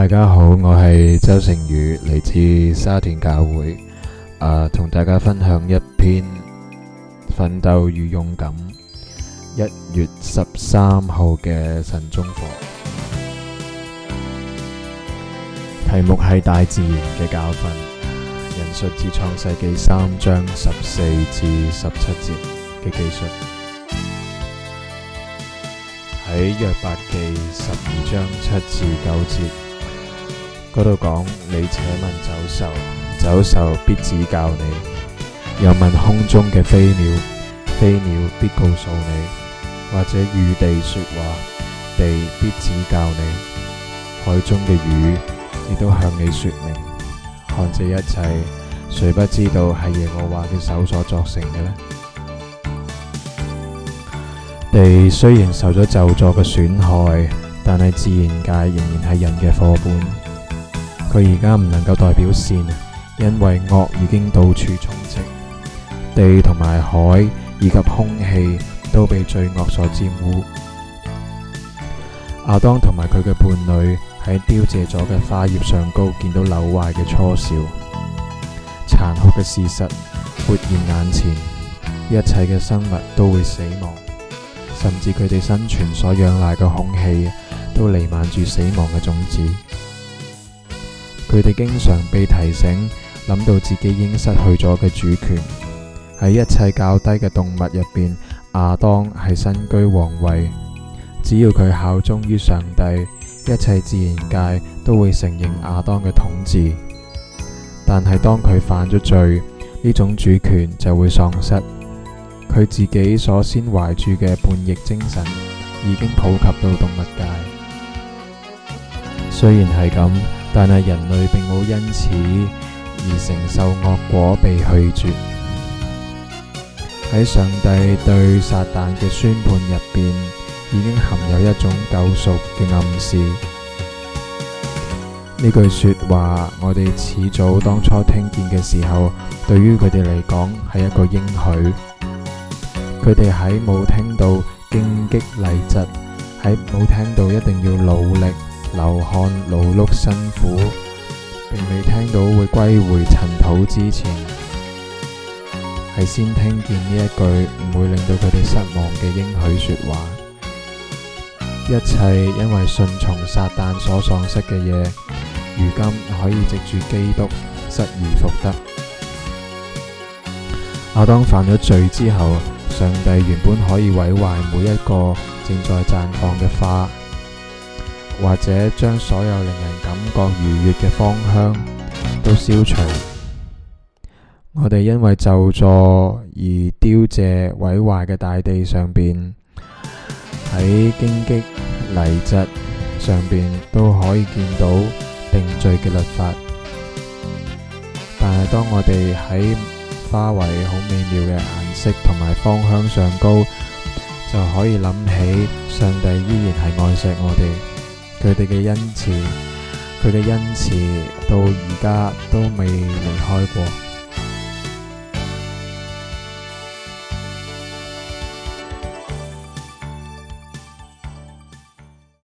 大家好，我係周成宇，嚟自沙田教會，同、呃、大家分享一篇奮鬥與勇敢。一月十三號嘅晨鐘課，題目係大自然嘅教訓。《人術》自創世記三章十四至十七節嘅記述，喺《約伯記》十二章七至九節。嗰度講你且問走獸，走獸必指教你；又問空中嘅飛鳥，飛鳥必告訴你；或者與地說話，地必指教你。海中嘅魚亦都向你說明。看這一切，誰不知道係耶和華嘅手所作成嘅呢？地雖然受咗咒詛嘅損害，但係自然界仍然係人嘅伙伴。佢而家唔能夠代表善，因為惡已經到處充斥，地同埋海以及空氣都被罪惡所玷污。阿當同埋佢嘅伴侶喺凋謝咗嘅花葉上高，見到扭壞嘅初笑，殘酷嘅事實活現眼前，一切嘅生物都會死亡，甚至佢哋生存所仰賴嘅空氣都瀰漫住死亡嘅種子。佢哋經常被提醒，諗到自己已經失去咗嘅主權。喺一切較低嘅動物入邊，亞當係身居皇位。只要佢效忠於上帝，一切自然界都會承認亞當嘅統治。但係當佢犯咗罪，呢種主權就會喪失。佢自己所先懷住嘅叛逆精神，已經普及到動物界。雖然係咁。但係人類並冇因此而承受惡果被拒絕。喺上帝對撒旦嘅宣判入邊，已經含有一種救贖嘅暗示。呢句說話，我哋始早當初聽見嘅時候，對於佢哋嚟講係一個應許。佢哋喺冇聽到荊棘蒺藜，喺冇聽到一定要努力。流汗勞碌辛苦，並未聽到會歸回塵土之前，係先聽見呢一句唔會令到佢哋失望嘅應許說話。一切因為順從撒旦所喪失嘅嘢，如今可以藉住基督失而復得。亞當犯咗罪之後，上帝原本可以毀壞每一個正在綻放嘅花。或者將所有令人感覺愉悦嘅芳香都消除。我哋因為就坐而凋謝、毀壞嘅大地上邊，喺荊棘、泥質上邊都可以見到定罪嘅律法。但係當我哋喺花卉好美妙嘅顏色同埋芳香上高，就可以諗起上帝依然係愛錫我哋。佢哋嘅恩慈，佢嘅恩慈到而家都未離開過。